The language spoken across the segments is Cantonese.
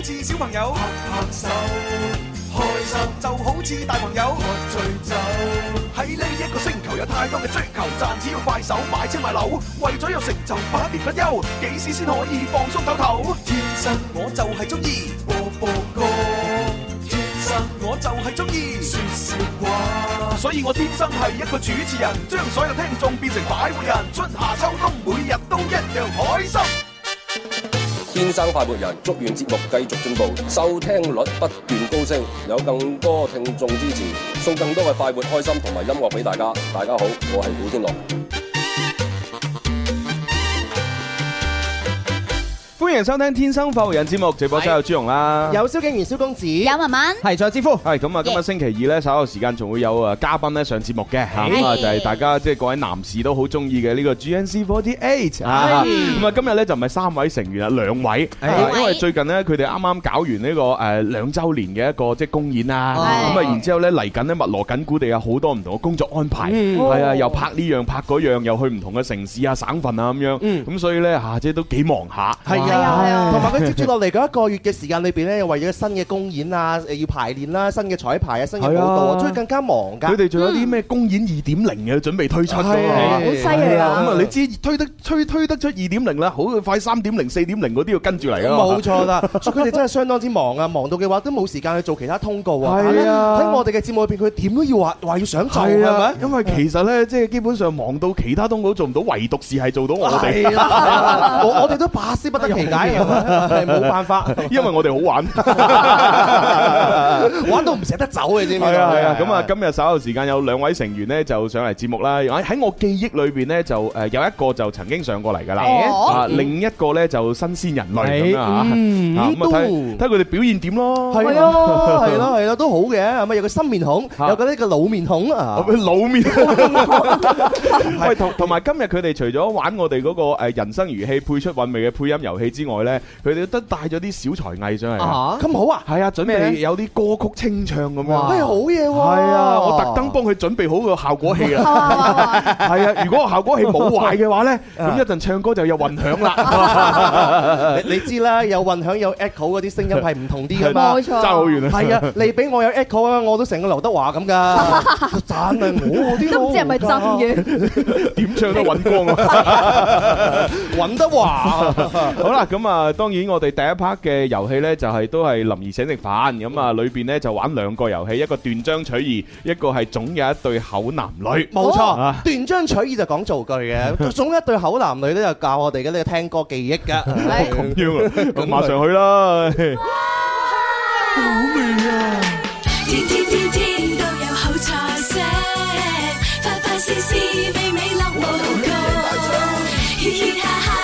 好似小朋友拍拍手開心，就好似大朋友喝醉酒。喺呢一個星球有太多嘅追求，賺錢要快手買車買樓，為咗有成就百年不休。幾時先可以放鬆唞唞？天生我就係中意播播歌，天生我就係中意說說話。所以我天生係一個主持人，將所有聽眾變成快活人。春夏秋冬，每日都一樣開心。天生快活人，祝願節目繼續進步，收聽率不斷高升，有更多聽眾支持，送更多嘅快活、開心同埋音樂俾大家。大家好，我係古天樂。歡迎收聽《天生快活人》節目，直播室有朱蓉啦，有蕭敬堯、蕭公子，有雯雯，係蔡之富，係咁啊！今日星期二咧，稍後時間仲會有啊嘉賓咧上節目嘅吓，就係大家即係各位男士都好中意嘅呢個 G N Z forty eight 啊，咁啊今日咧就唔係三位成員啊，兩位，因為最近咧佢哋啱啱搞完呢個誒兩周年嘅一個即係公演啊，咁啊然之後咧嚟緊咧密鑼緊鼓地有好多唔同嘅工作安排，係啊，又拍呢樣拍嗰樣，又去唔同嘅城市啊、省份啊咁樣，咁所以咧吓即係都幾忙下，係啊。係啊，同埋佢接住落嚟嗰一個月嘅時間裏邊咧，又為咗新嘅公演啊，誒要排練啦，新嘅彩排啊，新嘅舞蹈啊，所以更加忙噶。佢哋仲有啲咩公演二點零嘅準備推出㗎嘛？好犀利啊！咁啊，你知推得推推得出二點零啦，好快三點零、四點零嗰啲要跟住嚟啊嘛！冇錯啦，佢哋真係相當之忙啊，忙到嘅話都冇時間去做其他通告啊。係啊，喺我哋嘅節目裏邊，佢點都要話話要想做係咪？因為其實咧，即係基本上忙到其他通告做唔到，唯獨是係做到我哋。係啦，我我哋都百思不得其解，係冇辦法，因為我哋好玩，玩到唔捨得走嘅啫嘛。係啊，咁啊，今日稍後時間有兩位成員咧就上嚟節目啦。喺喺我記憶裏邊咧就誒有一個就曾經上過嚟噶啦，啊另一個咧就新鮮人類咁啊吓。咁啊睇睇佢哋表現點咯，係咯係咯係咯都好嘅，係咪有個新面孔，有呢個老面孔啊？老面孔，喂，同同埋今日佢哋除咗玩我哋嗰個誒人生如戲配出韻味嘅配音遊戲，之外咧，佢哋都帶咗啲小才藝上嚟，咁、啊、好啊！係啊，準備有啲歌曲清唱咁啊，喂，好嘢！係啊，我特登幫佢準備好個效果器啊！係啊，如果個效果器冇壞嘅話咧，咁、啊、一陣唱歌就有混響啦。你你知啦，有混響有 echo 嗰啲聲音係唔同啲噶嘛？冇錯，爭好遠啊！係啊，你俾我有 echo 啊，我都成個劉德華咁噶，讚 啊！我啲都唔知係咪真嘅？點唱都揾光啊！揾德華，好啦。咁啊，當然我哋第一 part 嘅遊戲咧，就係都係臨時請食飯，咁啊裏邊咧就玩兩個遊戲，一個斷章取義，一個係總有一對口男女。冇錯，斷章取義就講造句嘅，總有一對口男女咧就教我哋嘅呢個聽歌記憶噶。好重要啊！咁馬上去啦。好味啊！天天天天都有好彩色，快快事事美美樂無窮，嘻嘻哈哈。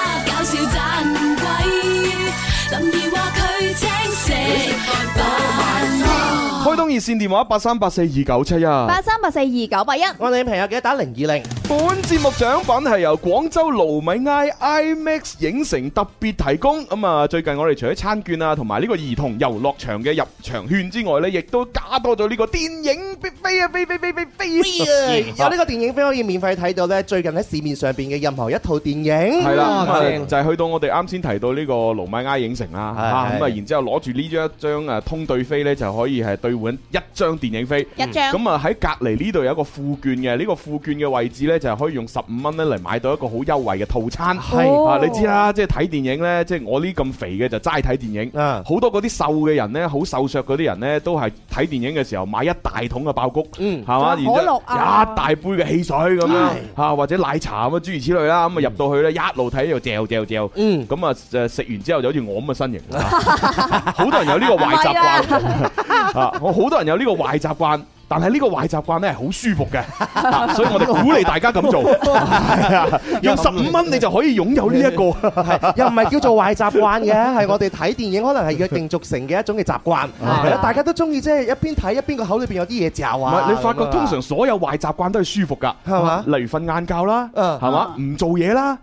普通熱線電話八三八四二九七一，八三八四二九八一。我哋朋友記得打零二零。本節目獎品係由廣州盧米埃 IMAX 影城特別提供。咁啊，最近我哋除咗餐券啊，同埋呢個兒童遊樂場嘅入場券之外咧，亦都加多咗呢個電影飛啊飛飛飛飛飛啊！有呢個電影飛可以免費睇到咧，最近喺市面上邊嘅任何一套電影。係啦，正就係去到我哋啱先提到呢個盧米埃影城啦，吓，咁啊，然之後攞住呢張一張啊通兌飛咧，就可以係兌換。一張電影飛，咁啊喺隔籬呢度有一個副券嘅，呢、呢個副券嘅位置呢，就係可以用十五蚊呢嚟買到一個好優惠嘅套餐，係、哦、啊你知啦，即係睇電影呢，即、就、係、是、我呢咁肥嘅就齋睇電影，好、嗯、多嗰啲瘦嘅人呢，好瘦削嗰啲人呢，都係睇電影嘅時候買一大桶嘅爆谷，係、嗯、嘛，然之後一大杯嘅汽水咁啊，吓、嗯嗯、或者奶茶咁啊諸如此類啦，咁啊入到去呢，一路睇又嚼嚼嚼，咁啊食完之後就好似我咁嘅身形好、嗯、 多人有呢個壞習慣我好多人有這個壞習慣。但係呢個壞習慣咧係好舒服嘅， 所以我哋鼓勵大家咁做。 用十五蚊你就可以擁有呢一個， 又唔係叫做壞習慣嘅，係 我哋睇電影可能係約定俗成嘅一種嘅習慣。 大家都中意即係一邊睇一邊個口裏邊有啲嘢嚼啊。你發覺通常所有壞習慣都係舒服㗎，係嘛？例如瞓晏覺啦，係嘛？唔做嘢啦，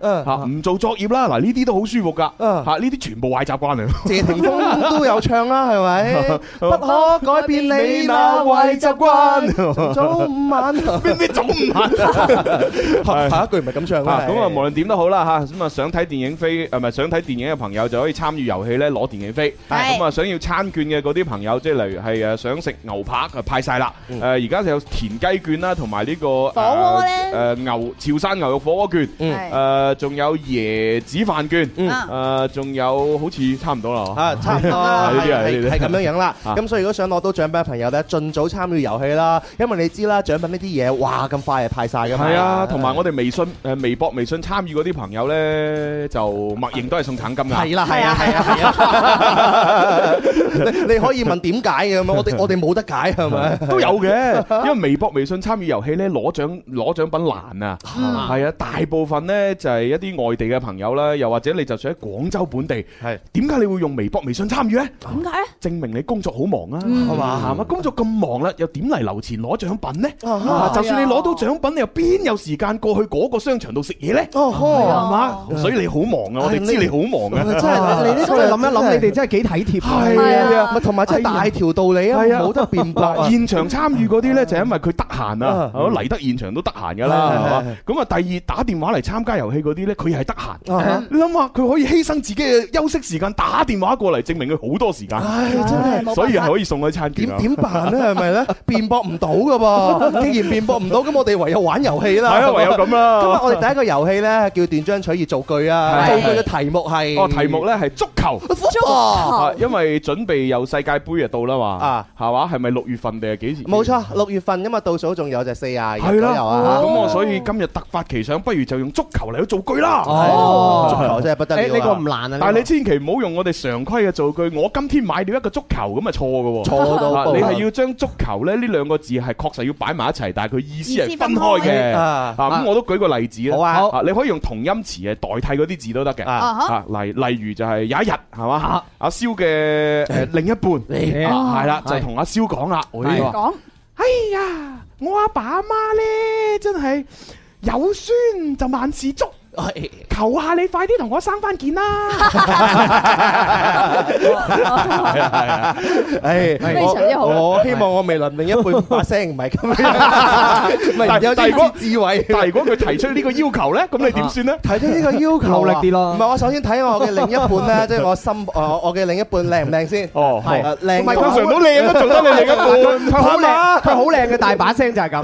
唔做作業啦，嗱呢啲都好舒服㗎，嚇呢啲全部壞習慣嚟。謝霆鋒都有唱啦，係 咪？不可改變你那 壞習慣。No. 早午晚了，邊 啲早午晚了？ 下一句唔係咁唱啦。咁啊，啊，無論點都好啦嚇，咁啊想睇電影飛，誒、啊、唔想睇電影嘅朋友就可以參與遊戲咧攞電影飛。咁啊，想要餐券嘅嗰啲朋友，即係例如係誒想食牛扒、嗯、啊派晒啦。誒而家就有田雞券啦，同埋、這個、呢個火鍋咧誒牛潮汕牛肉火鍋券。嗯。誒仲有椰子飯券。嗯、啊。誒仲有好似差唔多啦。嚇、啊，差唔多係係咁樣樣啦。咁、啊、所以如果想攞到獎品嘅朋友咧、啊，盡早參與遊戲。係啦，因為你知啦，獎品呢啲嘢，哇咁快啊派曬噶嘛！係啊，同埋我哋微信誒微博、微信參與嗰啲朋友咧，就默認都係送橙金噶。係啦，係啊，係啊，係啊！你你可以問點解嘅咁，我哋我哋冇得解係咪？都有嘅，因為微博、微信參與遊戲咧，攞獎攞獎品難啊！係啊，大部分咧就係一啲外地嘅朋友啦，又或者你就算喺廣州本地，係點解你會用微博、微信參與咧？點解咧？證明你工作好忙啊，係嘛？工作咁忙啦，又點？嚟樓前攞獎品呢？就算你攞到獎品，你又邊有時間過去嗰個商場度食嘢咧？係嘛，所以你好忙啊！我哋知你好忙啊！真係你呢嚟諗一諗，你哋真係幾體貼啊！係啊，同埋真係大條道理啊！冇得辯白。現場參與嗰啲咧，就因為佢得閒啊，嚟得現場都得閒㗎啦，係嘛？咁啊，第二打電話嚟參加遊戲嗰啲咧，佢係得閒。你諗啊，佢可以犧牲自己嘅休息時間打電話過嚟，證明佢好多時間。係真係，所以係可以送佢餐點點辦咧？係咪咧？辯駁唔到噶噃，既然辯駁唔到，咁我哋唯有玩遊戲啦。係啊，唯有咁啦。今日我哋第一個遊戲咧叫斷章取義造句啊。造句嘅題目係哦，題目咧係足球。足球啊，因為準備由世界盃啊到啦嘛啊，係話，係咪六月份定係幾時？冇錯，六月份因為，倒數仲有就四廿。係啦，咁我所以今日突發奇想，不如就用足球嚟去造句啦。哦，足球真係不得。誒，呢個唔難啊。但係你千祈唔好用我哋常規嘅造句。我今天買了一個足球，咁啊錯噶。錯到你係要將足球咧呢？兩個字係確實要擺埋一齊，但係佢意思係分開嘅啊咁、啊啊啊，我都舉個例子好啊，啊，你可以用同音詞代替嗰啲字都得嘅啊。例例如就係有一日係嘛，阿蕭嘅誒另一半係啦、啊啊，就同阿蕭講啦。我呢話，哎呀，我阿爸阿媽咧真係有孫就萬事足。係求下你快啲同我生翻件啦！係啊係啊，非常之好。我希望我未來另一半把聲唔係咁，唔係有啲智慧。但係如果佢提出呢個要求咧，咁你點算咧？提出呢個要求，努力啲咯。唔係我首先睇我嘅另一半咧，即係我心，我我嘅另一半靚唔靚先？哦，係靚，唔係通常都靚嘅，做得你另一半唔啱啦。佢好靚嘅，大把聲就係咁，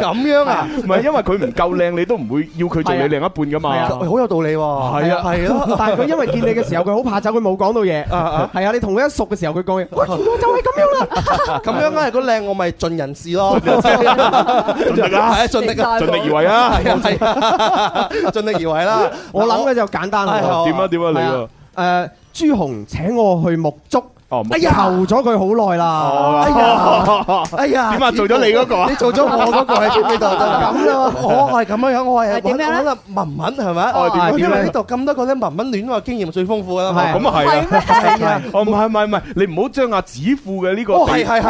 咁樣啊？唔係因為佢唔夠靚，你都唔會要佢。做你另一半噶嘛？好、啊、有道理喎、啊！係啊係咯、啊啊啊啊，但係佢因為見你嘅時候，佢好怕醜，佢冇講到嘢。係、uh uh、啊，你同佢一熟嘅時候，佢講嘢。喂就係咁樣啦，咁樣梗係個靚我咪盡人事咯。盡 力啊，盡力盡、啊力，啊啊力，啊、力而為啊，係啊，盡力而為啦、啊。 我諗嘅就簡單啦。點、哎、啊點啊，你啊？誒、啊，朱、呃、紅請我去沐足。哎呀，咗佢好耐啦！哎呀，點啊？做咗你嗰個，你做咗我嗰個喺最邊度？咁咯，我係咁樣樣，我係點啊？文文係咪？因為呢度咁多個咧，文文戀愛經驗最豐富啦嘛！咁啊係，唔係唔係唔係，你唔好將阿子父嘅呢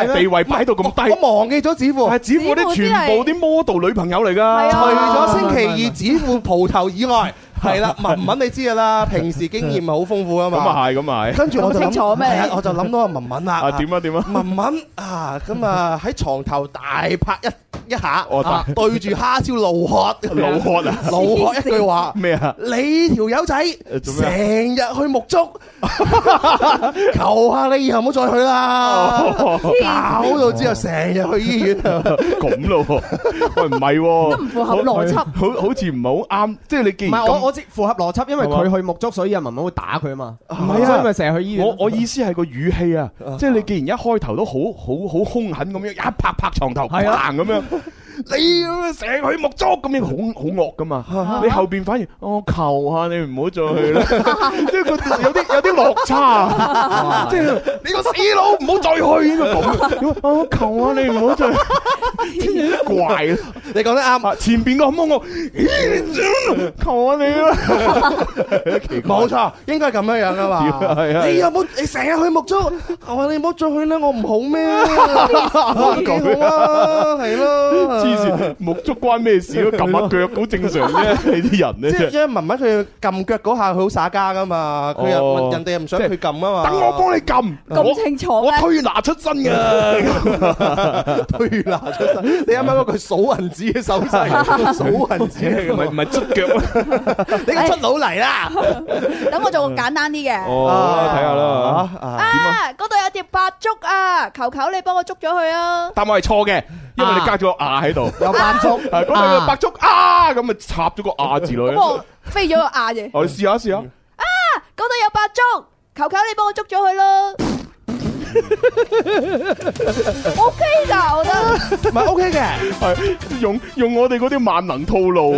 個地位擺到咁低。我忘記咗子父，子父啲全部啲 model 女朋友嚟㗎，除咗星期二子父蒲頭以外。係啦，文文你知噶啦，平時經驗係好豐富噶嘛。咁啊係，咁啊係。跟住我清楚咩？我就諗到阿文文啦。啊，點啊點啊！文文啊，咁啊喺床頭大拍一一下，對住蝦照怒喝，怒喝啊！怒喝一句話咩啊？你條友仔成日去沐足，求下你以後唔好再去啦。搞到之後成日去醫院咁咯？喂，唔係，都唔符合邏輯，好好似唔係好啱。即係你見唔係我我。符合邏輯，因為佢去沐足，所以阿文文會打佢啊嘛。唔係啊，因為成日去醫院。我我意思係個語氣啊，啊即係你既然一開頭都好好好兇狠咁樣，一拍拍牀頭係啊，行咁樣。的 你成、啊、日去沐足咁樣很，好好惡噶嘛？你後邊反而我、啊哦、求下你，唔好再去啦。即係佢有啲有啲落差，即、啊、係、啊就是、你個死佬唔好再去呢、 啊啊、個咁 哎啊哎哎啊。我求下你唔好再，真係怪。你講得啱，前邊個好惡我求下你啦。冇 錯、啊，應該係咁樣樣噶嘛。你有冇？你成日去沐足，求下你唔好再去啦。我唔好咩？咁好啦，係咯。黐線，沐足關咩事咯？撳下腳好正常啫，你啲人咧即係因為文文佢撳腳嗰下佢好耍家噶嘛，佢又人哋又唔想佢撳啊嘛。等我幫你撳咁清楚咧，我推拿出身嘅，推拿出身。你啱啱嗰句數銀紙嘅手勢，數銀紙唔係唔係捽腳咩？你嘅捽腦嚟啦。等我做個簡單啲嘅。哦，睇下啦。啊。條白竹啊，求求你幫我捉咗佢啊！但係我係錯嘅，因為你加咗個啊喺度。有白竹，度白竹啊！咁咪插咗個啊字落去，飛咗個啊嘅。我試下試下啊！嗰度有白竹，求求你幫我捉咗佢咯。O K 噶，我覺得唔係 O K 嘅，係用用我哋嗰啲萬能套路，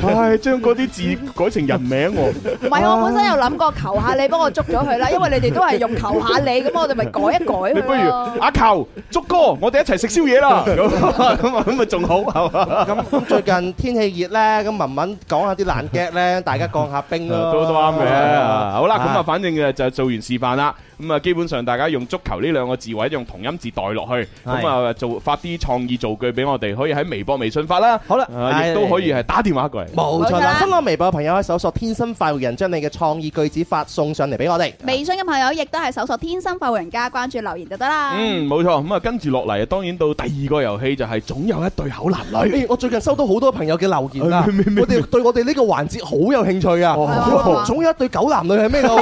係將嗰啲字改成人名。唔係我本身有諗過求下你幫我捉咗佢啦，因為你哋都係用求下你，咁我哋咪改一改佢咯。不如阿球、足哥，我哋一齊食宵夜啦。咁咁咪仲好，咁咁最近天氣熱咧，咁文文講下啲冷劇咧，大家降下冰咯。都都啱嘅，好啦，咁啊，反正誒就做完示範啦，咁啊，基本上大家用足球。由呢兩個字或者用同音字代落去，咁啊就做發啲創意造句俾我哋，可以喺微博、微信發啦。好啦，亦、啊、都可以係打電話過嚟。冇錯啦，錯啊、新浪微博嘅朋友可以搜索“天生快活人”，將你嘅創意句子發送上嚟俾我哋。啊、微信嘅朋友亦都係搜索“天生快活人家”，關注留言就得啦、嗯。嗯，冇錯。咁啊，跟住落嚟啊，當然到第二個遊戲就係總有一對口男女、嗯。我最近收到好多朋友嘅留言、嗯嗯、我哋對我哋呢個環節好有興趣啊、哦嗯嗯嗯。總有一對狗男女係咩、啊？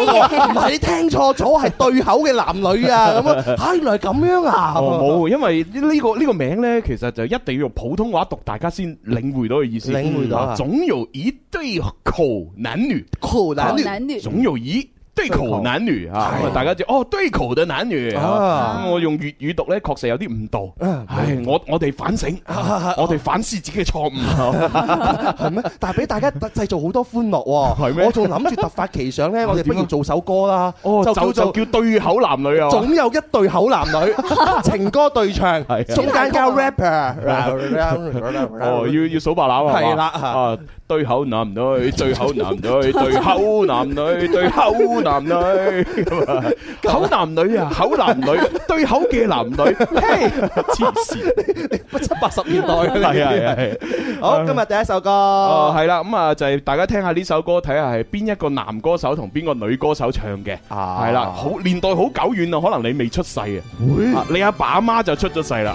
唔係，你聽錯咗，係對口嘅男女啊！ 嚇、 啊！原來係咁樣啊！冇、哦，因為呢、呢個呢、呢個名呢，其實就一定要用普通話讀，大家先領會到嘅意思。領會到啊！總有一對口男女，男女,男女總有一。嗯對口男女啊，大家知道哦，對口的男女、啊嗯、我用粵語讀咧，確實有啲誤導，我我哋反省，啊、我哋反思自己嘅錯誤，係、啊、咩、啊啊？但係俾大家製造好多歡樂喎，我仲諗住突發奇想咧，我哋不如做首歌啦、哦，就叫做就叫做對口男女啊，總有一對口男女 情歌對唱，中間加 rapper，、啊、哦，要要數白欖啊。係對口男女，對口男女，對口男女，對口男女，口男女啊，口男女，對口嘅男女，嘿，黐線，七八十年代，係啊係，好，今日第一首歌，哦，係啦，咁啊就係大家聽下呢首歌，睇下係邊一個男歌手同邊個女歌手唱嘅，係啦，好年代好久遠啊，可能你未出世啊，你阿爸阿媽就出咗世啦。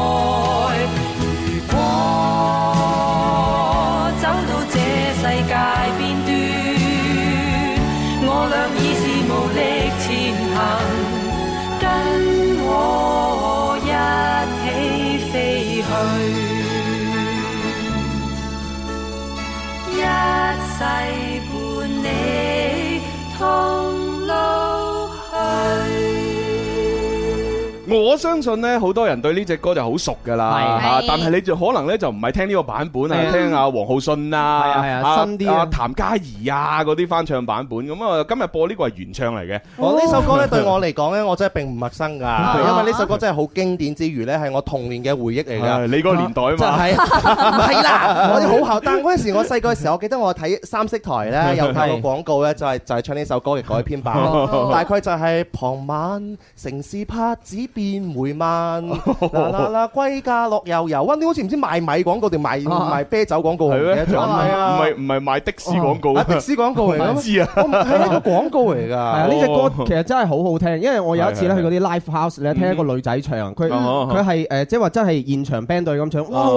相信咧，好多人對呢隻歌就好熟㗎喇。但係你就可能咧就唔係聽呢個版本啊，聽阿王浩信啊，係啊，新啲啊，譚嘉怡啊嗰啲翻唱版本。咁啊，今日播呢個係原唱嚟嘅。呢、哦哦、首歌咧對我嚟講咧，我真係並唔陌生㗎、啊，因為呢首歌真係好經典之餘咧，係我童年嘅回憶嚟㗎。你個年代啊嘛，係、就、啦、是， 是的 我好後，但係嗰時我細個嘅時候，我記得我睇三色台咧，有拍過廣告咧、就是，就係就係唱呢首歌嘅改編版，是哦、大概就係、是、傍晚城市拍子變。每晚嗱嗱嗱，歸家樂又悠。哇，你好似唔知賣米廣告定賣賣啤酒廣告咁嘅，唔係唔係，賣的士廣告，啊啊啊、的士廣告唔、 啊、我唔係一個廣告嚟㗎。係啊，呢隻歌其實真係好好聽，因為我有一次咧去嗰啲 live house 咧聽一個女仔唱，佢佢係誒即係話真係現場 band 隊咁唱，哇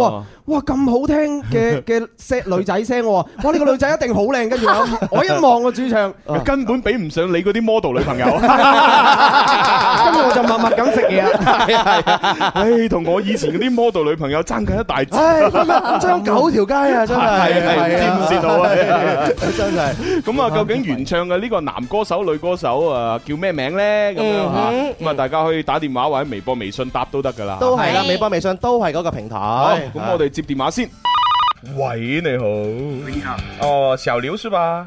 哇咁好聽嘅嘅聲女仔聲喎，哇呢、 呢個女仔一定好靚嘅樣，跟住我一望個主唱根本比唔上你嗰啲 model 女朋友，跟 住、啊、我就默默咁食嘢。係啊係啊，誒，同我以前嗰啲 model 女朋友爭緊一大截，爭、哎、九條街啊，真係，天線佬啊，真係。咁啊，究竟原唱嘅呢個男歌手、女歌手啊，叫咩名咧？咁樣吓，咁、嗯、啊、嗯，大家可以打電話或者微博、微信答都得噶啦。都係啦，微博、微信都係嗰個平台。好，咁我哋接電話先。喂，你好。你好。哦，小劉，是吧？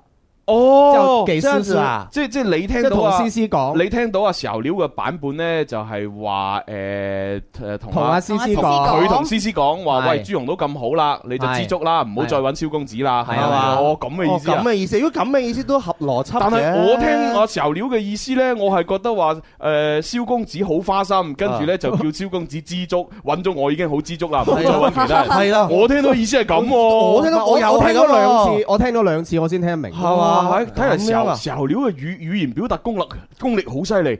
哦，即係即係你聽到阿思思講，你聽到阿石油料嘅版本咧就係話誒誒同阿思思講，佢同思思講話喂，朱容都咁好啦，你就知足啦，唔好再揾蕭公子啦，係嘛、啊啊啊啊？哦咁嘅意思、啊、咁、哦、嘅意思，如果咁嘅意思，啊意思啊、都合邏輯，但係我聽阿石油料嘅意思咧，我係覺得話誒蕭公子好花心，跟住咧就叫蕭公子知足，揾 咗我已經好知足啦，唔好再揾其他人，係啦、啊啊啊。我聽到意思係咁、啊，我聽到我有聽咗兩次，我聽咗兩次我先聽得明，係嘛？睇人時候，料嘅語語言表達功力功力好犀利，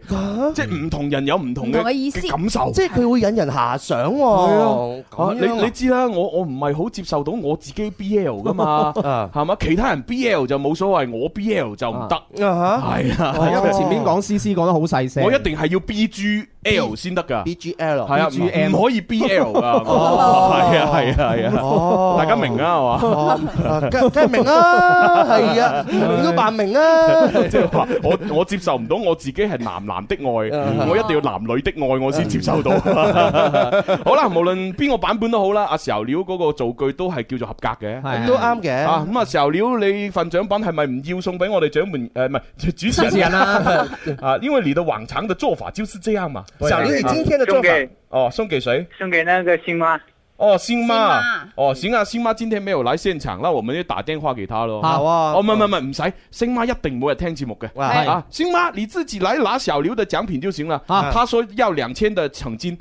即係唔同人有唔同嘅意思感受，即係佢會引人遐想喎。你你知啦，我我唔係好接受到我自己 BL 噶嘛，係嘛？其他人 BL 就冇所謂，我 BL 就唔得，係啊。因為前面講 C C 講得好細聲，我一定係要 B G。B, L 先得噶，BGL 係啊，唔可以 BL 噶，係、 哦、啊係啊係啊、哦，大家明啊係嘛？梗係明啦，係啊，哦、明都扮明啊，即係話我我接受唔到我自己係男男的愛、嗯，我一定要男女的愛我先接受到。嗯、 好啦，無論邊個版本都好啦，阿石油嗰個造句都係叫做合格嘅，都啱嘅。咁啊，石、啊、油、嗯啊、你份獎品係咪唔要送俾我哋獎門？誒、啊，唔係主持人啦，啊，主持人啊 因為嚟到橫橙嘅做法就是這樣嘛。啊、小劉，你今天的作品哦，送給誰？送給那個星媽哦，星媽，媽哦，行啊，星媽今天沒有來現場，那我們就打電話給她嘍。哇、啊、哦，唔唔唔，唔、哦、使，星媽一定每日聽節目嘅。係啊，星媽你自己來拿小劉的獎品就行了。啊，他說要兩千的獎金。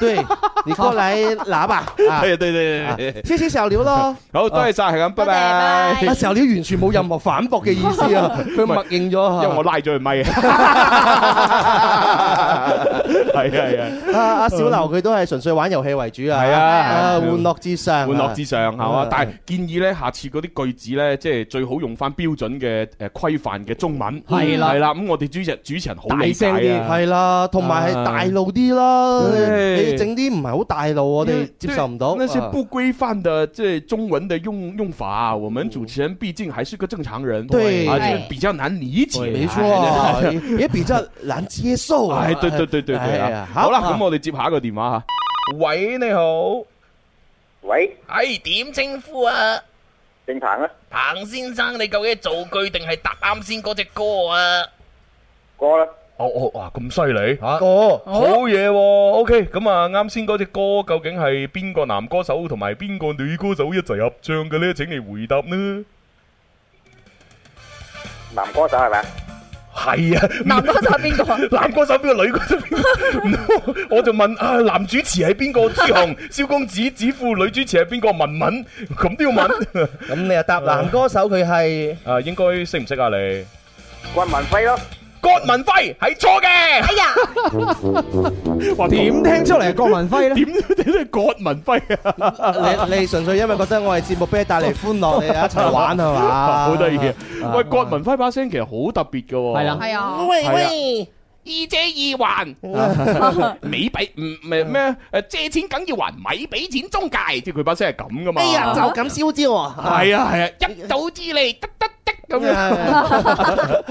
對，你過嚟拿吧。對對對，謝謝小劉咯。好，多謝晒，係咁，拜拜。阿小劉完全冇任何反駁嘅意思啊，佢默認咗，因為我拉咗佢咪啊。係係係，阿小劉佢都係純粹玩遊戲為主啊。係啊，玩樂至上，玩樂至上，係嘛？但係建議咧，下次嗰啲句子咧，即係最好用翻標準嘅誒規範嘅中文。係啦係啦，咁我哋主持主持人好大聲啲，係啦，同埋係大路啲啦。你整啲唔係好大路，我哋接受唔到。那些不規範的這中文的用用法，啊哦、我們主持人畢竟還是個正常人，對，啊就是，比較難理解，沒錯，啊啊，也比較難接受，啊。哎，對對對對對好啦，咁我哋接下一個電話吓。啊，喂，你好。喂。哎，點稱呼啊？姓彭啊？彭先生，你究竟做句定係答啱先嗰隻歌啊？歌啦。哦哦，哇咁犀利吓，好嘢，OK。咁啊，啱先嗰隻歌究竟係邊個男歌手同埋邊個女歌手一齊合唱嘅呢？請你回答呢。男歌手係咪？係啊。男歌手係邊個？男歌手邊個女歌手？我就問啊，男主持係邊個朱紅，蕭公子指付女主持係邊個文文？咁都要問？咁你啊答男歌手佢係？啊，應該識唔識啊你？關文輝咯。郭文輝係錯嘅，哎呀，話 點聽出嚟郭文輝咧，點點都郭文輝啊！你你純粹因為覺得我係節目俾你帶嚟歡樂，你一齊玩係嘛，好得意！喂，郭文輝把聲其實好特別嘅、啊，係啦、啊，係啊，喂啊喂，喂，二借二還，咪俾唔係咩？誒，借、嗯啊、錢梗要還，咪俾錢中介，即係佢把聲係咁噶嘛？哎呀，啊、就咁燒焦啊！係啊係啊，啊，啊，一賭之利得得。咁樣，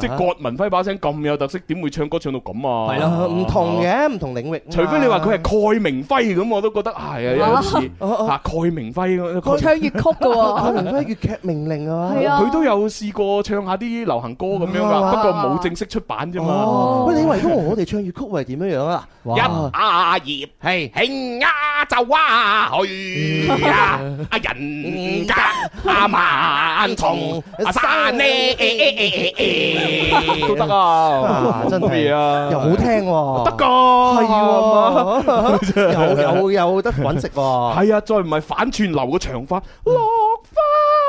即係郭文輝把聲咁有特色，點會唱歌唱到咁啊？係、啊、咯，唔、啊、同嘅，唔同領域、啊。除非你話佢係蓋明輝咁，我都覺得係、哎、啊，有時嚇蓋明輝。我唱粵曲嘅、啊，蓋明輝粵劇名伶啊。係啊，佢都有試過唱下啲流行歌咁樣㗎，不過冇正式出版啫嘛。喂、啊啊，你以為我哋唱粵曲係點樣樣啊？一啊葉啊，係興家就哇去啊、嗯，人家萬重。嗯啊阿、啊、生、欸欸欸欸欸欸欸、都得啊，啊，真係啊，又好聽喎、啊，得噶、啊，係喎、啊啊，又又又得搵食喎，係啊，再唔係反串流嘅長髮，落花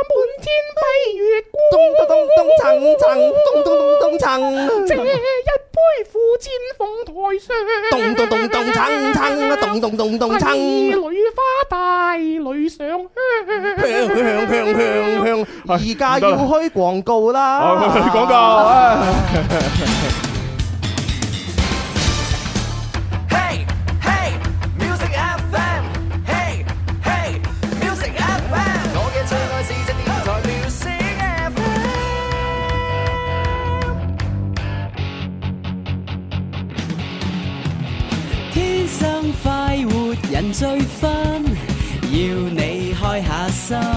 滿天蔽月光，咚咚咚咚鏘鏘，咚咚咚咚鏘，借一杯附薦鳳台上，咚咚咚咚鏘鏘，咚咚咚咚鏘，帝女花帶淚上香，香香香香香，而家。要開廣告啦！廣告。我嘅最愛係隻電台。天生快活人，最分要你開下心。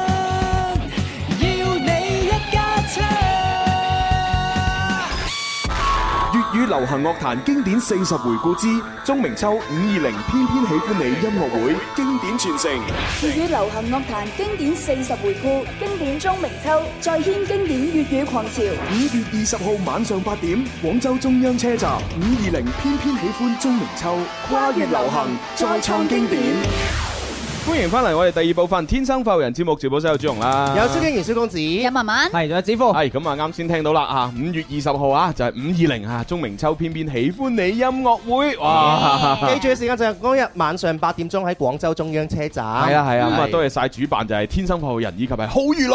流行樂壇經典四十回顧之鍾明秋，五二零偏偏喜歡你音樂會。經典傳承粵語流行樂壇經典四十回顧，經典鍾明秋再掀經典粵語狂潮。五月二十號晚上八點，廣州中央車站，五二零偏偏喜歡鍾明秋，跨越流行再創經典。歡迎翻嚟，我哋第二部分《天生快活人》節目，趙寶西有主持啦，有蕭敬堯、蕭公子、有慢慢，係仲有子夫，係咁啊！啱、嗯、先聽到啦嚇，五月二十號啊，就係五二零啊，鐘明秋偏偏喜歡你音樂會，哇！的記住嘅時間就係、是、嗰日晚上八點鐘喺廣州中央車站，係啊係啊咁啊，多謝晒主辦就係、是、天生快活人，以及係好娛樂，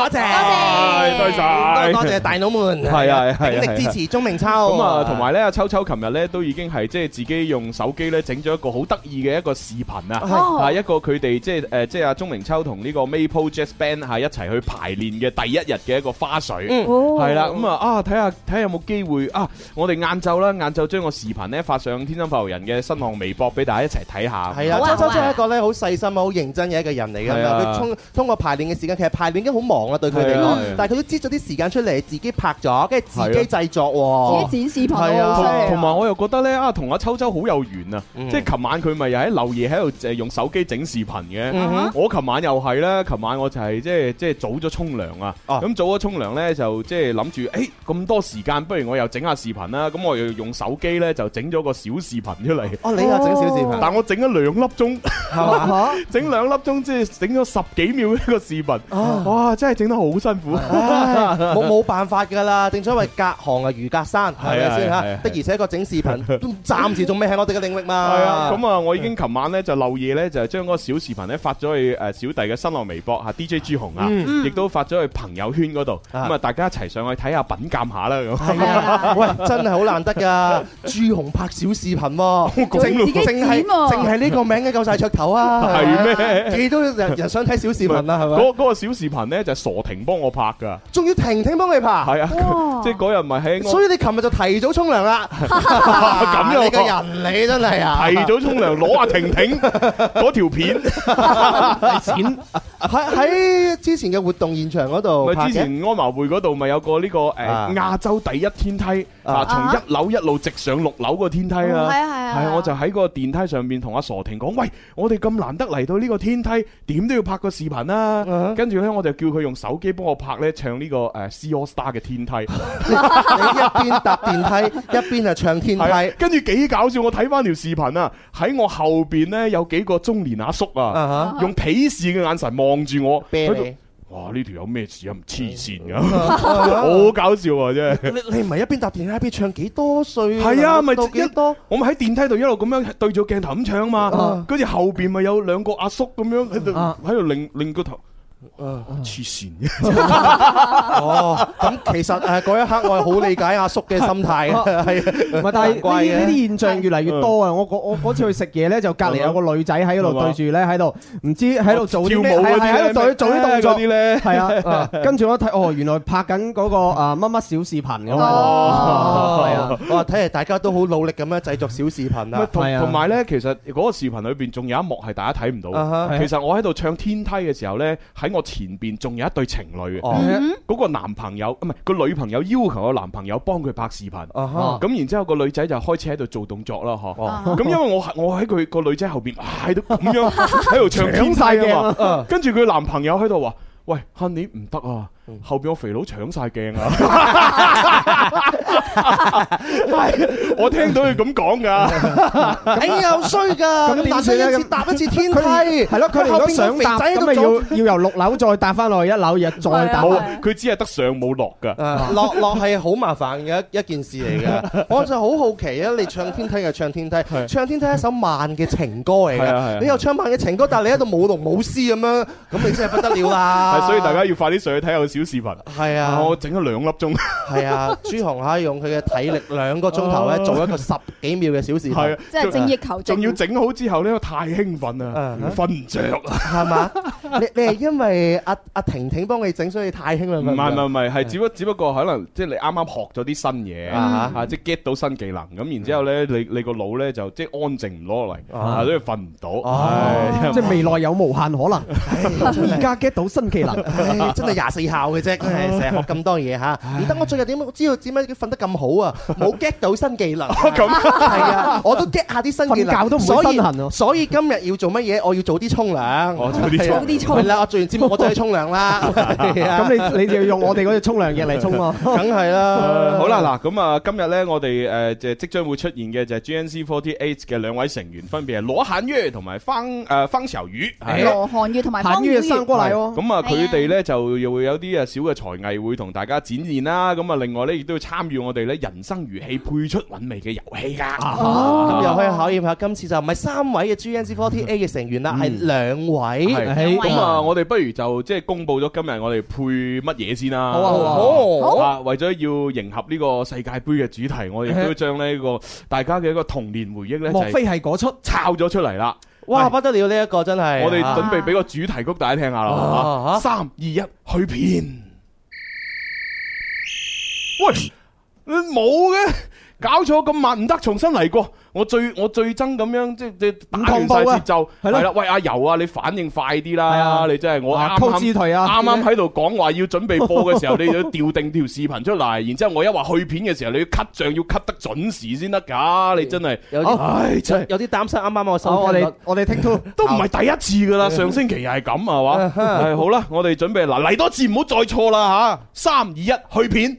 多謝多謝，多謝，多謝多謝大佬們，係啊係啊，鼎力支持鐘明秋咁啊，同埋咧阿秋秋琴日咧都已經係即係自己用手機咧整咗一個好得意嘅一個視頻啊，係、哦、一個佢。佢哋即係誒，即係阿鐘明秋同呢個 Maple Jazz Band 吓一齊去排練嘅第一日嘅一個花絮，係、嗯、啦，咁啊、嗯、啊，睇下睇下有冇機會啊！我哋晏晝啦，晏晝將個視頻咧發上《天生快活人》嘅新浪微博俾大家一齊睇下。係啊，秋秋真係一個咧好細、啊、心、啊，好，啊好啊好認真嘅一個人嚟嘅，佢通通過排練嘅時間，其實排練已經好忙啊，對佢哋講，但係佢都擠咗啲時間出嚟自己拍咗，跟住自己製作、哦，自己展示屏幕先。同、哦、埋我又覺得咧啊，同阿、啊、秋秋好有緣啊、嗯，即係琴晚佢咪又喺劉爺喺度用手機整視頻。視頻嘅，我琴晚又係啦，琴晚我就係即係即係早咗沖涼啊，咁早咗沖涼咧就即係諗住，誒咁多時間，不如我又整下視頻啦，咁我又用手機咧就整咗個小視頻出嚟。哦，你又整小視頻，但係我整咗兩粒鐘，係嘛，整兩粒鐘即係整咗十幾秒呢個視頻，哇，真係整得好辛苦，我冇辦法噶啦，正所謂隔行啊如隔山，係咪先吓？的而且確整視頻，暫時仲未係我哋嘅領域嘛。係啊，咁啊，我已經琴晚咧就漏夜咧就將嗰個視小視頻咧發咗去誒小弟嘅新浪微博 DJ 朱紅啊，亦、嗯、都發咗去朋友圈嗰度，咁、嗯、啊大家一齊上去睇下品鑒下啦。係啊， 喂，真係好難得噶， 朱紅拍小視頻、啊，淨淨係淨係呢個名都夠晒噱頭啊！係 咩？幾多人人想睇小視頻啊？係咪？嗰、 嗰個小視頻咧就係、是、傻婷幫我拍噶，仲要婷婷幫你拍，係 啊，即係嗰日咪喺。所以你琴日就提早沖涼啦。咁 樣、 啊，你個人你真係啊！提早沖涼攞阿婷婷嗰條片。剪喺喺之前嘅活動現場度，之前安華匯度咪有個呢個誒亞洲第一天梯啊，從一樓一路直上六樓個天梯啦，係啊係啊，係啊！我就喺個電梯上面同阿傻婷講：，喂，我哋咁難得嚟到呢個天梯，點都要拍個視頻啊？啊」跟住咧，我就叫佢用手機幫我拍咧，唱呢個誒《C AllStar》嘅天梯， 你一邊搭電梯一邊啊唱天梯，跟住幾搞笑！我睇翻條視頻啊，喺我後邊咧有幾個中年阿叔。啊！Uh huh. 用鄙視嘅眼神望住我，哇梨！呢條有咩事啊？黐線噶，uh huh. 好搞笑啊！真係你你唔係一邊搭電、啊啊、電梯一邊唱幾多歲？係啊，咪一多。我咪喺電梯度一路咁樣對住鏡頭咁唱嘛。跟住、uh huh. 後邊咪有兩個阿叔咁樣喺度喺度擰擰個頭。Uh huh. 黐線嘅，哦，咁、哦、其實誒嗰一刻我係好理解阿叔嘅心態嘅，係唔係？但係呢啲呢啲現象越嚟越多啊、嗯！我我嗰次去食嘢咧，就隔離有個女仔喺度對住咧，喺度唔知喺度做、哦、跳舞喺度做啲動作啲咧，係啊！在裡一啊啊嗯、跟住我睇哦，原來拍緊嗰個乜乜小視頻嘅，係、哦哦哦、啊！我睇嚟大家都好努力咁樣製作小視頻啊！同埋咧，其實嗰個視頻裏邊仲有一幕係大家睇唔到，其實我喺度唱天梯嘅時候咧，喺我。前邊仲有一對情侶嗰、uh huh. 個男朋友唔係，個女朋友要求個男朋友幫佢拍視頻，咁、uh huh. 然之後個女仔就開始喺度做動作啦，咁、uh huh. 因為我我喺佢個女仔後邊，喺度咁樣喺度長篇晒啊嘛，跟住佢男朋友喺度話：， 喂，honey 唔得啊！後邊個肥佬搶晒鏡啊！我聽到佢咁講噶，哎又衰噶！搭一、嗯、一次天梯，係咯，佢連個上未仔都要要由六樓再搭翻落去一樓，又再搭。佢只係得上冇落噶，落落係好麻煩嘅一一件事嚟嘅。 我就好好奇啊！你唱天梯就唱天梯，唱天梯係一首慢嘅情歌嚟嘅。你又唱慢嘅情歌，但係你喺度舞龍舞獅咁樣，咁你真係不得了啦！所以大家要快啲上去睇有視頻係啊，我整咗兩粒鐘。係啊， 朱紅可以，用佢嘅體力兩個鐘頭咧，做一個十幾秒嘅小視頻，即係精益求精。仲要整好之後咧，我太興奮啦，瞓唔着啊，係嘛。嗎 你你係因為阿阿婷婷幫你整，所以太興啦？唔係唔係唔係，係只不只不過可能即係你啱啱學咗啲新嘢啊，即係 get 到新技能咁，然之後咧，你你個腦咧就即係安靜唔攞落嚟，都係瞓唔到。即係未來有無限可能，而家 get 到新技能，真係廿四孝嘅啫，成日學咁多嘢嚇。而得我最近點知道點解瞓得咁好啊？冇 get 到新技能，係啊，我都 get 下啲新技能，所以今日要做乜嘢？我要早啲沖涼，早啲沖。係啦，我做完節目我就去沖涼啦。咁 是、啊、 你你就要用我哋嗰隻沖涼液嚟沖咯梗係啦。好啦，嗱咁啊，今日咧我哋誒即即將會出現嘅就係 G N Z forty eight 嘅兩位成員，分別係羅漢月同埋方誒方潮宇。羅漢月同埋方潮宇嘅生過嚟。咁啊，佢哋咧就又有會有啲啊小嘅才藝會同大家展現啦。咁啊，另外咧亦都要參與我哋咧人生如戲配出韻味嘅遊戲噶。咁、哦、又、啊哦、可以考驗下。今次就唔係三位嘅 G N Z forty eight 嘅成員啦，係、嗯、兩位。咁、嗯、啊，我哋不如就即係公布咗今日我哋配乜嘢先啦。好啊，好啊，好，啊好，啊好，啊好啊。啊。為咗要迎合呢個世界杯嘅主題，我哋亦都將呢個大家嘅一個童年回憶咧。莫非係嗰出抄咗、就是、出嚟啦？哇，不得了呢一、這個真係。我哋準備俾個主題曲大家聽下啦。三二一，啊啊、3, 2, 1, 去片。喂，你冇嘅，搞錯咁慢，唔得，重新嚟過。我最我最憎咁樣即係即打亂晒節奏，係啦，喂阿柔啊，你反應快啲啦，你真係我啱啱啱啱喺度講話要準備播嘅時候， 你就要調定條視頻出嚟，然之後我一話去片嘅時候，你要 cut 像要 cut 得準時先得噶，你真係，唉，真係有啲擔心啱啱我收我哋我哋 take two 都唔係第一次噶啦，上星期又係咁啊嘛，係 好啦，我哋準備嗱嚟多次唔好再錯啦吓，三二一，去片。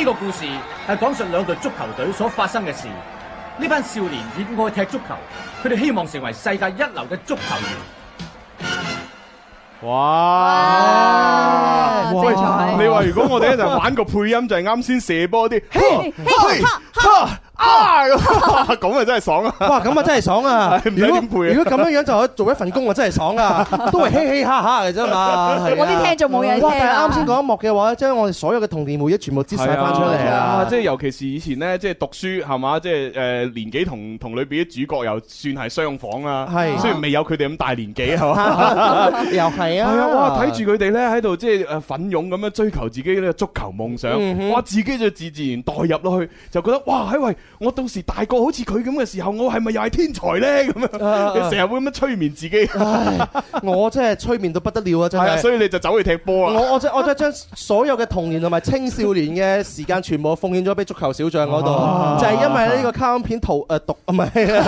呢、這個故事係講述兩隊足球隊所發生嘅事。呢班少年熱愛踢足球，佢哋希望成為世界一流嘅足球員。哇！哇哇你話如果我哋一齊就玩個配音就剛剛，就係啱先射波啲，嘿，嘿嘿嘿嘿啊，咁啊真係爽啊！哇，咁啊真係爽啊！如果如果咁樣樣就做一份工啊，真係爽啊！都係嘻，嘻嘻哈嘻哈嘅啫嘛， 啊、我啲聽眾冇嘢聽。啱先講一幕嘅話，將我哋所有嘅童年會回憶全部折射翻出嚟啊！即係尤其是以前呢，即、就、係、是、讀書係嘛，即係誒年紀同同裏邊啲主角又算係相仿啊！係雖然未有佢哋咁大年紀係嘛， 又係啊！係啊！哇！睇住佢哋咧喺度即係誒奮勇咁樣追求自己咧足球夢想、嗯，哇！自己就自自然代入落去，就覺得哇！喺喂～我到時大個好似佢咁嘅時候，我係咪又係天才呢？咁你成日會咁樣催眠自己。哎、我真係催眠到不得了啊！真係、啊。所以你就走去踢波啊！我我我都將所有嘅童年同埋青少年嘅時間全部奉獻咗俾足球小將嗰度，就係、是、因為呢個卡通片圖誒毒、唔係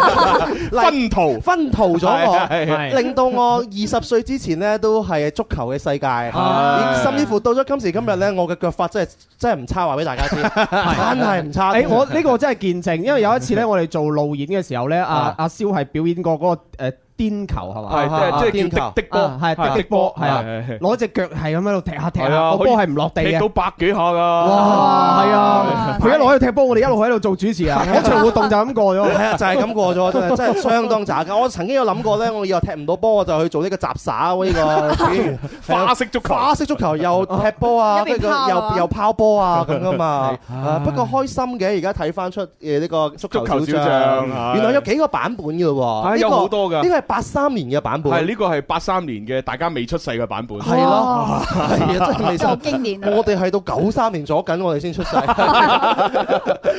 分途塗 分途咗我、啊啊，令到我二十歲之前呢都係足球嘅世界，甚至乎到咗今時今日呢、嗯，我嘅腳法真係真係唔差，話俾大家知，真係唔差。 欸、我呢、呢個、真因為有一次咧，我哋做路演嘅時候咧，阿阿蕭係表演過嗰個誒。呃顛球係嘛？係即係叫迪迪波，係迪迪波，係啊！攞隻腳係咁喺度踢下踢下，啊那個波係唔落地啊！踢到百幾下噶，哇！係啊！佢、啊、一,一路喺度踢波，我哋一路喺度做主持是啊！一、啊啊這個、場活動就咁過咗，是啊，就係、是、咁過咗，真係相當渣噶！我曾經有諗過咧，我以後踢唔到波，我就去做呢個雜耍呢個、啊、花式足球，花式足球又踢波啊，啊，又啊又拋波啊咁噶嘛！不過開心嘅，而家睇翻出誒呢個足球小將，原來有幾個版本噶喎，有好多噶，呢個呢個係。八三年嘅版本係呢個，係八三年嘅，大家未出世嘅版本係咯，係啊，真係未出，經典，我哋係到九三年左右，我哋先出世。嗱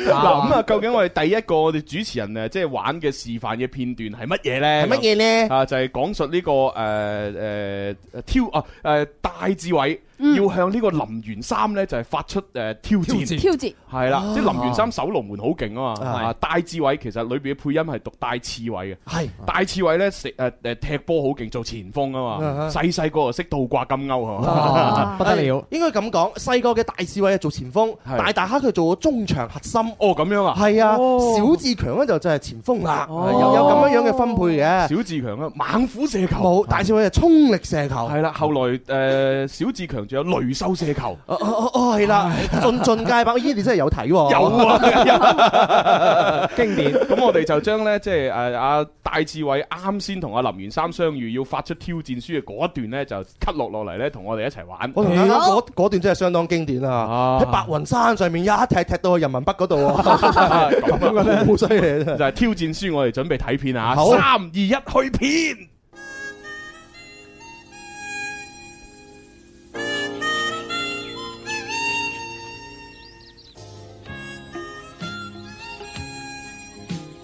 咁啊，究竟我哋第一個我哋主持人誒，即係玩嘅示範嘅片段係乜嘢咧？係乜嘢咧？啊，就係講述呢個誒誒挑啊誒戴志偉。嗯、要向呢個林源三咧，就係發出誒挑戰，挑戰係啦、啊，即係林源三守龍門好勁啊嘛、啊。大志偉其實裏邊嘅配音係讀戴志偉嘅，係戴志偉咧食誒誒踢波好勁，做前鋒啊嘛。細細個就識倒掛金鈎啊，啊小小得啊啊 不得了，應該咁講。細個嘅戴志偉做前鋒，大大蝦佢做咗中場核心。哦，咁樣啊，係、哦、啊，小志強咧就就係前鋒啦、啊，有咁樣樣嘅分配嘅。小志強咧猛虎射球，戴志偉係衝力射球。係啦、啊啊，後來誒、呃、小志強，仲有雷收射球，哦哦哦，係、哦、啦，進進階版，我依啲真係有睇、啊，有啊，有啊 經典。咁 我哋就將咧，即係誒，阿戴志偉啱先同阿林源三相遇，要發出挑戰書嘅嗰一段咧，就 cut 落落嚟咧，同我哋一齊玩。我好，嗰嗰段真係相當經典啊！喺、啊、白雲山上面一踢踢到去人民北嗰度，咁 啊， 好犀利！就係、是、挑戰書，我哋準備睇片啊！三二一，3, 2, 1, 去片。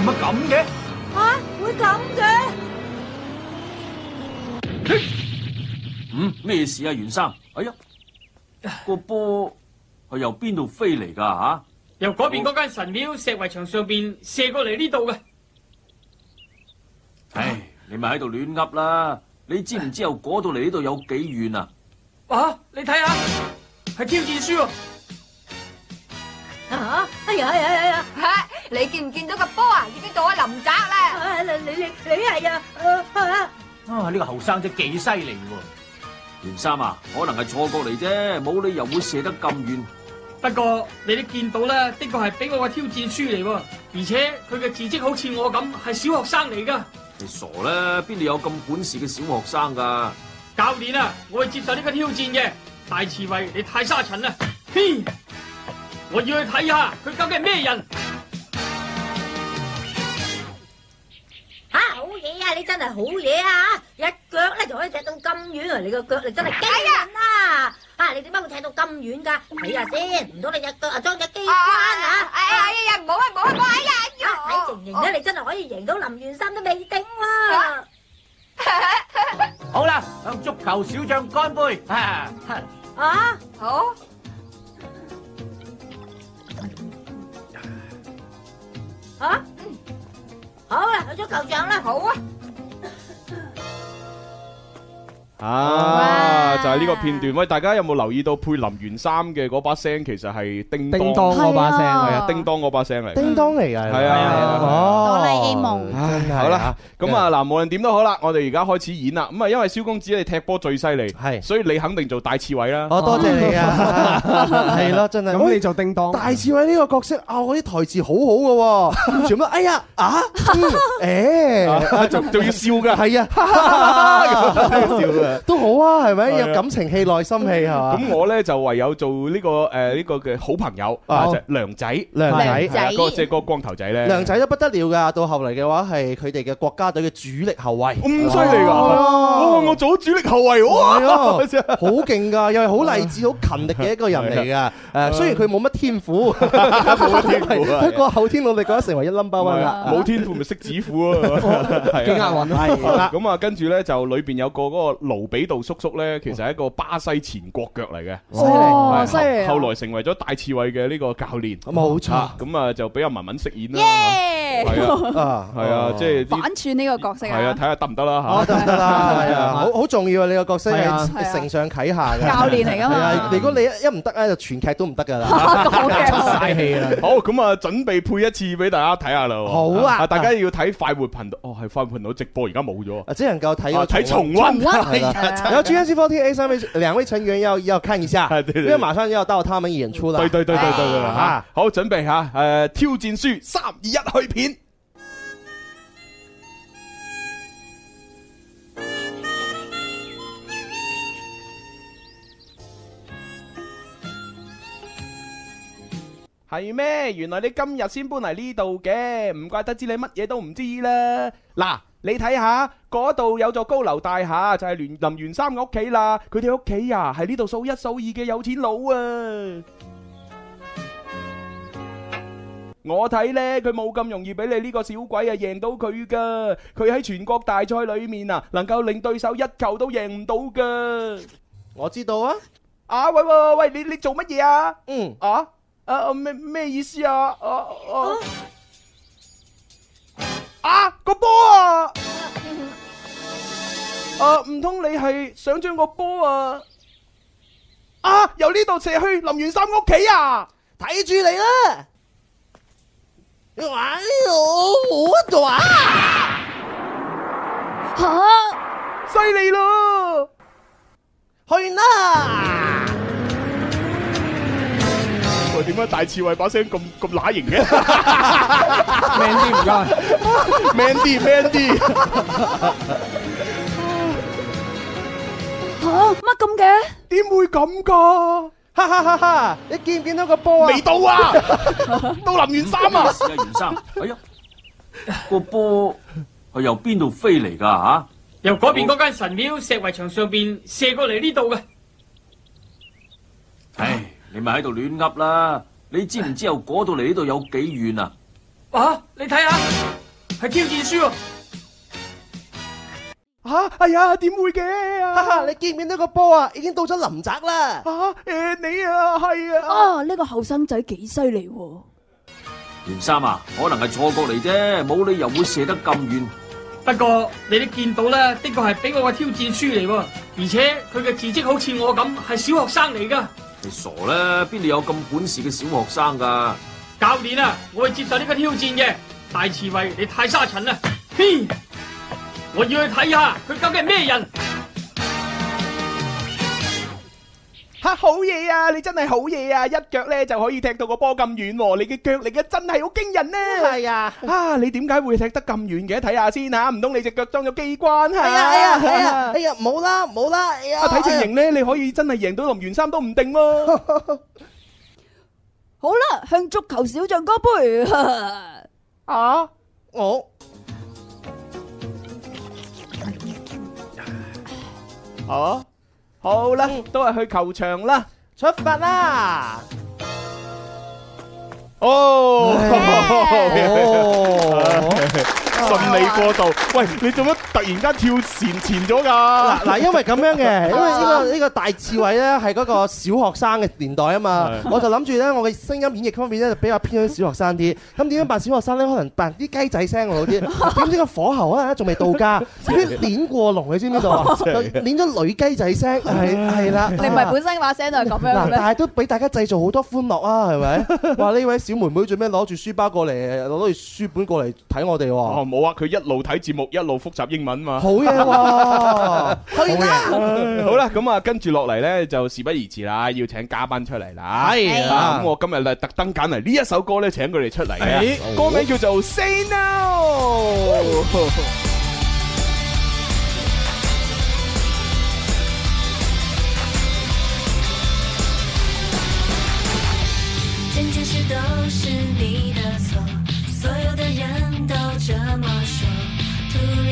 乜咁嘅？吓、啊，會咁嘅？嗯，咩事啊，袁生？哎呀，個波係由邊度飛嚟噶？吓，由嗰邊嗰間神廟石圍牆上邊射過嚟呢度嘅。唉、哎，你咪喺度亂噏啦！你知唔知由嗰度嚟呢度有幾遠啊？啊，你睇下，係挑戰書啊。啊！哎呀呀呀、哎、呀！吓、哎！你見唔見到個波啊？已經到阿林宅啦！啊！你你你係啊！啊，呢個後生仔幾犀利喎！源三啊，可能係錯覺嚟啫，冇理由會射得咁遠。不過你都見到啦，的確係俾我嘅挑戰書嚟喎。而且佢嘅字跡好似我咁，係小學生嚟噶。你傻啦？邊度有咁本事嘅小學生噶？教練啊，我會接受呢個挑戰嘅。大刺蝟，你太沙塵啦！嘿！我要去睇下佢究竟係咩人。吓，好嘢啊！你真係好嘢啊！一腳咧就可以踢到咁遠啊！你個腳力真係驚人啦！啊，你點解會踢到咁遠噶？睇下先，唔通你隻腳啊裝隻機關啊？哎呀呀，唔好啊，唔好啊，我係人唔好啊。睇情形啦，你真係可以贏到林元森都未定啦。好啦，向足球小將乾杯！吓啊，好啊。好啦，去咗球場啦，好啊。啊，嗯、啊，就係、是、呢個片段。喂，大家有冇留意到配林源三嘅嗰把聲，其實係叮當嗰把聲，係啊，叮當嗰把聲嚟。叮當嚟啊，係啊，哦。哆啦 A 夢。好啦，咁啊嗱，無論點都好啦，我哋而家開始演啦。咁啊，因為蕭公子你踢波最犀利，係，所以你肯定做戴志偉啦。我多謝你啊，係 咯，真係。咁你做叮當。戴志偉呢個角色，啊，嗰啲台詞好好噶，全部哎呀啊，誒、嗯，就、哎、仲、啊、要笑噶，係啊，哈哈哈哈 都好啊，係咪有感情戲、內心戲係嘛？咁我咧就唯有做呢個誒呢個嘅好朋友啊，即係梁仔，梁仔，多謝嗰個光頭仔咧，梁仔都不得了噶。到後嚟嘅話係佢哋嘅國家隊嘅主力後衛，咁犀利噶，哇！我做咗主力後衛，哇，好勁噶，又係好勵志、好勤力嘅一個人嚟噶。誒，雖然佢冇乜天賦，冇天賦啊，不過後天努力覺得成為一 number one 啦。冇天賦咪識止富咯，係啊，好幸運係。咁啊，跟住咧就裏邊有個嗰個。盧比杜叔叔咧，其實係一個巴西前國腳嚟嘅，犀、哦、利，後來成為咗大刺猬嘅呢個教練，冇錯。咁啊就俾阿文文飾演啦，係、yeah! 啊，即係反串呢個角色啊，係啊，睇下得唔得啦吓，得啦，係啊，好、啊、好重要啊！呢個角色係承上啟下嘅教練嚟噶嘛，如果你一唔得咧，就全劇都唔得噶啦，講晒氣啦。好，咁啊，準備配一次俾大家睇下啦。好啊，啊，大家要睇快活頻道，哦，係快活頻道直播，而、啊就是、家冇咗，只能夠睇睇重温。啊、然後 GNZ48 三位兩位成員要要看一下， 因為馬上要到他們演出了。對對對對對，對，對、啊，吓、啊、好準備吓，誒、呃、挑戰書三二一去片。係咩？原來你今日先搬嚟呢度嘅，唔怪得你知你乜嘢都唔知啦。嗱。你睇下嗰度有座高樓大廈，就係林林源三嘅屋企啦。佢哋屋企啊，係呢度數一數二嘅有錢佬啊。我睇呢，佢冇咁容易俾你呢個小鬼啊贏到佢噶。佢喺全國大賽裏面啊，能夠令對手一球都贏唔到噶。我知道啊。啊喂喂喂，你你做乜嘢啊？嗯。啊。啊啊咩咩意思啊？啊啊。啊，個波啊！啊，唔通你係想將個波啊啊由呢度射去林源三屋企啊？睇住你啦！完呀，我度啊！吓、啊，犀利咯，去啦！喂，點解戴志偉把聲咁咁乸型嘅？Mandy 唔該 Mandy Mandy 吓，乜咁嘅？ 點，點、 啊、會咁噶？哈哈哈哈！你見唔見到個波啊？未到啊， 到林源三啊，源、啊、三。哎呀，那個波係由邊度飛嚟噶？吓，由嗰邊嗰間神廟石圍牆上邊射過嚟呢度嘅。唉、哎，你咪喺度亂噏啦！你知唔知由嗰度嚟呢度有幾遠啊？啊！你睇下，係挑戰書啊！吓、啊！哎呀，點會嘅？哈哈，你見唔見到個波啊？已經到咗林宅啦。啊！誒，你啊，係啊。啊！呢個後生仔幾犀利。源三啊，可能係錯覺嚟啫，冇理由會射得咁遠。不過你都見到啦，的確係俾我嘅挑戰書嚟喎。而且佢嘅字跡好似我咁，係小學生嚟噶。你傻啦？邊度有咁本事嘅小學生噶？教練啊，我會接受呢個挑戰嘅。大刺猬你太沙塵啦，嘿，我要去睇下佢究竟係咩人。吓，好嘢啊，你真係好嘢啊！一腳咧就可以踢到個波咁遠，你嘅腳力嘅真係好驚人呢。係啊，啊你點解會踢得咁遠嘅？睇下先吓，唔通你隻腳裝咗機關吓？係啊，係啊，係啊，哎呀，唔好啦，唔好啦，睇情形咧，你可以真係贏到林源三都唔定咯。好啦，向足球小將乾杯！啊，我，好，好啦，都係去球場啦，出發啦！哦，哦。順利過渡，喂，你做乜突然間跳前前咗㗎？嗱嗱，因為咁樣嘅，因為呢個呢個戴志偉咧，係嗰個小學生嘅年代啊嘛， 我就諗住咧，我嘅聲音演繹方面咧就比較偏向小學生啲。咁點樣扮小學生咧？可能扮啲雞仔聲好啲。點知個火候啊？仲未到家，啲 鍊過籠你知唔知道啊？鍊咗女雞仔聲，係係啦。你唔係本身把聲就係咁樣咩？但係都俾大家製造好多歡樂啊，係咪？話呢位小妹妹做咩？攞住書包過嚟，攞住書本過嚟睇我哋喎。啊。冇啊！佢一路睇節目，一路複習英文嘛。好嘢喎，好嘢！好啦，咁啊，跟住落嚟呢，就事不宜遲啦，要請嘉賓出嚟啦。係啊，咁我今日呢特登揀嚟呢一首歌呢，請佢哋出嚟啊。歌名叫做 Say No。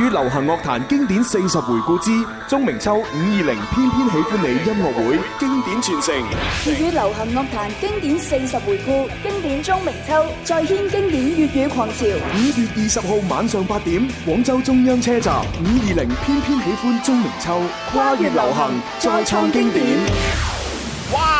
粵語流行樂壇經典四十回顧之鍾明秋五二零偏偏喜歡你音樂會經典傳承。粵語流行樂壇經典四十回顧，經典鍾明秋再掀經典粵語狂潮。五月二十號晚上八點，廣州中央車站五二零偏偏喜歡鍾明秋，跨越流行，再創經典。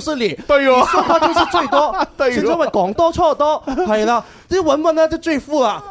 梳、就、理、是，你說話就是最多，所以咪講多錯多，係啦，這文文呢就最富啦、啊。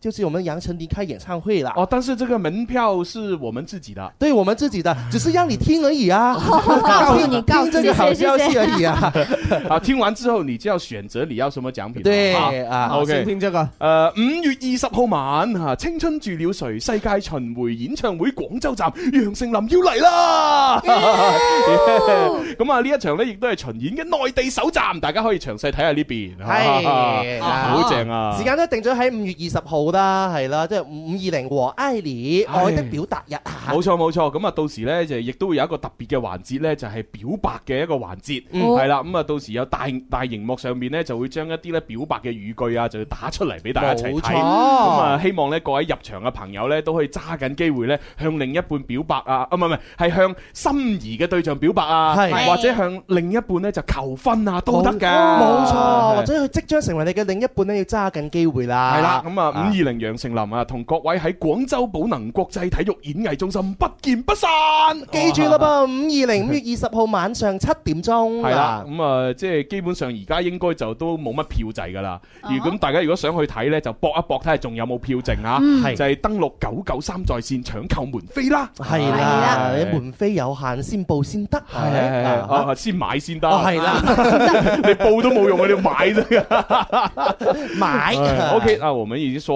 就是我們楊丞琳開演唱會了哦，但是這個門票是我們自己的，對我們自己的， 只是讓你聽而已啊，哦、 告訴你告訴你，告訴你聽這個好消息而已啊，謝謝啊， 聽完之後你就要選擇你要什麼獎品，對啊,啊，OK，先聽這個，呃，五月二十號晚，哈，青春住了誰世界巡回演唱會廣州站，楊丞琳要嚟啦，咁啊呢一場呢亦都係巡演嘅內地首站，大家可以詳細睇下呢邊，係、啊，好正啊，時間都定咗喺五月二十號。冇啦，係啦，即係五二零和 ILY 愛的表達日啊！冇錯冇錯，咁啊到時呢，就亦都會有一個特別嘅環節呢，就係、是、表白嘅一個環節，係、嗯、啦，咁啊到時有大大熒幕上面呢，就會將一啲咧表白嘅語句啊，就要打出嚟俾大家一齊睇。咁啊、嗯嗯、希望呢各位入場嘅朋友呢，都可以揸緊機會呢，向另一半表白啊，啊唔係唔係係向心儀嘅對象表白啊，或者向另一半呢，就求婚啊都得㗎，冇、哦、錯，或者佢即將成為你嘅另一半呢，要揸緊機會啦，係啦，咁、嗯、啊。五二零楊丞琳啊，同各位喺廣州寶能國際體育演藝中心不見不散。記住啦噃，五二零五月二十號晚上七點鐘。係啦，咁啊，即係基本上而家應該就都冇乜票制噶啦。如果大家如果想去睇呢，就搏一搏睇下仲有冇票剩啊。就係登錄九九三在線搶購門飛啦。係啦，啲門飛有限，先報先得。係啊，先買先得。係啦，你報都冇用，你買啫。買。O K，啊，我們已經說。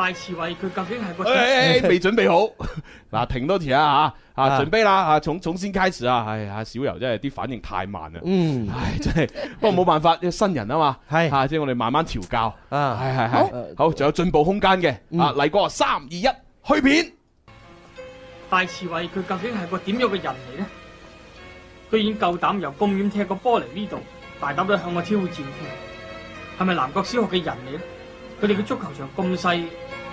大刺蝟佢究竟係個？誒、欸、未、欸欸、準備好。嗱， 停多啲啊吓吓、啊，準備啦吓，重重先開始啊！唉，小柔真係啲反應太慢啦。嗯，唉，真係， 不過冇辦法，新人啊嘛。係吓，即、啊、係、就是、我哋慢慢調教。啊，係係係，好，仲、啊、有進步空間嘅、嗯。啊，黎哥，三二一，去片。大刺蝟佢究竟係個點樣嘅人嚟呢？居然夠膽由公園踢個波嚟呢度，大膽都向我挑戰添。係咪南國小學嘅人嚟咧？佢哋嘅足球場咁細。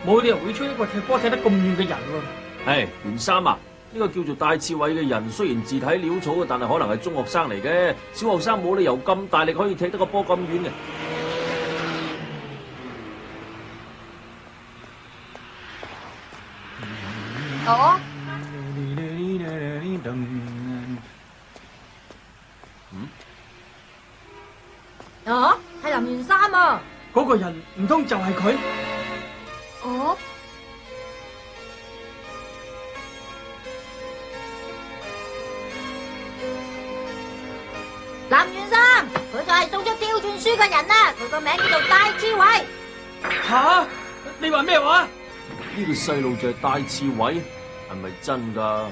冇理由會吹一個踢波踢得咁遠嘅人喎。係源三啊，呢個叫做戴志偉嘅人，雖然字體潦草嘅，但係可能係中學生嚟嘅。小學生冇理由咁大力可以踢得個波咁遠嘅。哦。嗯。啊，係林源三啊。嗰個人唔通就係佢？林元生，佢就係送咗挑戰書嘅人啦，佢個名叫做戴志偉。吓，你話咩話？呢個細路仔就係戴志偉係咪真㗎？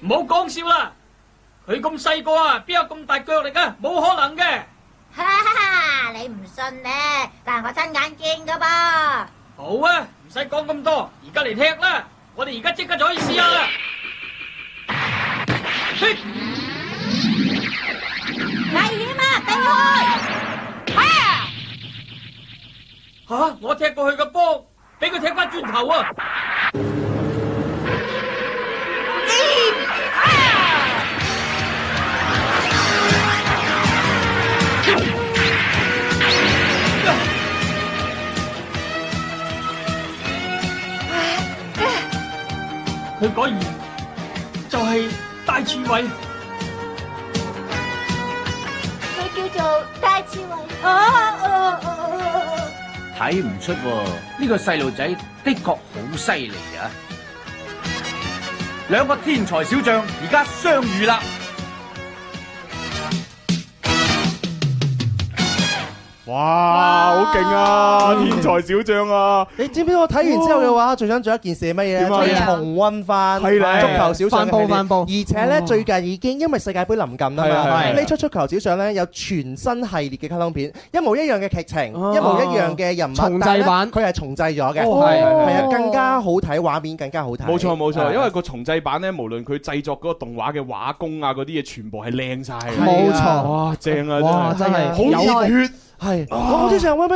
唔好講笑啦，佢咁細個啊，邊有咁大腳力啊？冇可能嘅。哈哈哈！你唔信咧，但係我親眼見噶噃。好啊，唔使講咁多，而家嚟踢啦！我哋而家即刻就可以試下啦。嘿！危險啊！弟兄們，快啊！吓，我踢過去個波，俾佢踢翻轉頭啊！佢果然就係大刺蝟，佢叫做大刺蝟啊！睇唔出喎，呢個細路仔的確好犀利啊！兩個天才小將而家相遇啦！哇！哇勁啊！天才小將啊，嗯！你知唔知我睇完之後嘅話，哦、最想做一件事係乜嘢？重温翻足球小將而且呢，哦，最近已經因為世界杯臨近啦嘛，呢出足球小將呢，有全新系列嘅卡通片，一模一樣嘅劇情，哦，一模一樣嘅人物，重製版，佢係重製咗嘅，係係啊，更加好睇，畫面更加好睇。冇錯冇錯，因為個重製版呢，無論佢製作嗰，那個動畫嘅畫工啊，嗰啲嘢，全部係靚晒。冇錯哇，正啊！真係好熱血，係我好想搵。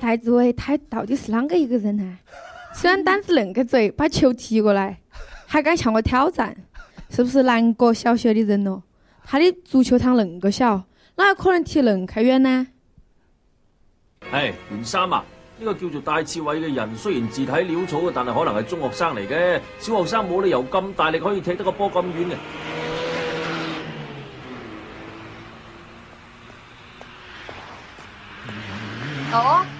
戴志偉，他到底是哪個一個人呢、啊？雖然膽子恁個賊，把球踢過來，還敢向我挑戰，是不是南國小學的人咯、啊？他的足球場恁個小，哪有可能踢恁開遠呢？誒、hey, 啊，源三，呢個叫做戴志偉嘅人，雖然字體潦草，但係可能係中學生嚟嘅，小學生冇理由咁大力可以踢得個波咁遠嘅。哦、oh.。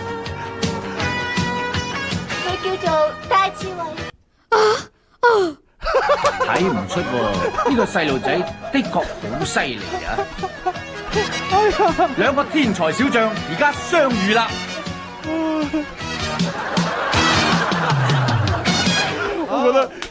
做大睇唔出喎，呢個細路仔的確好犀利啊！兩個天才小將而家相遇啦！嗯、 我覺得。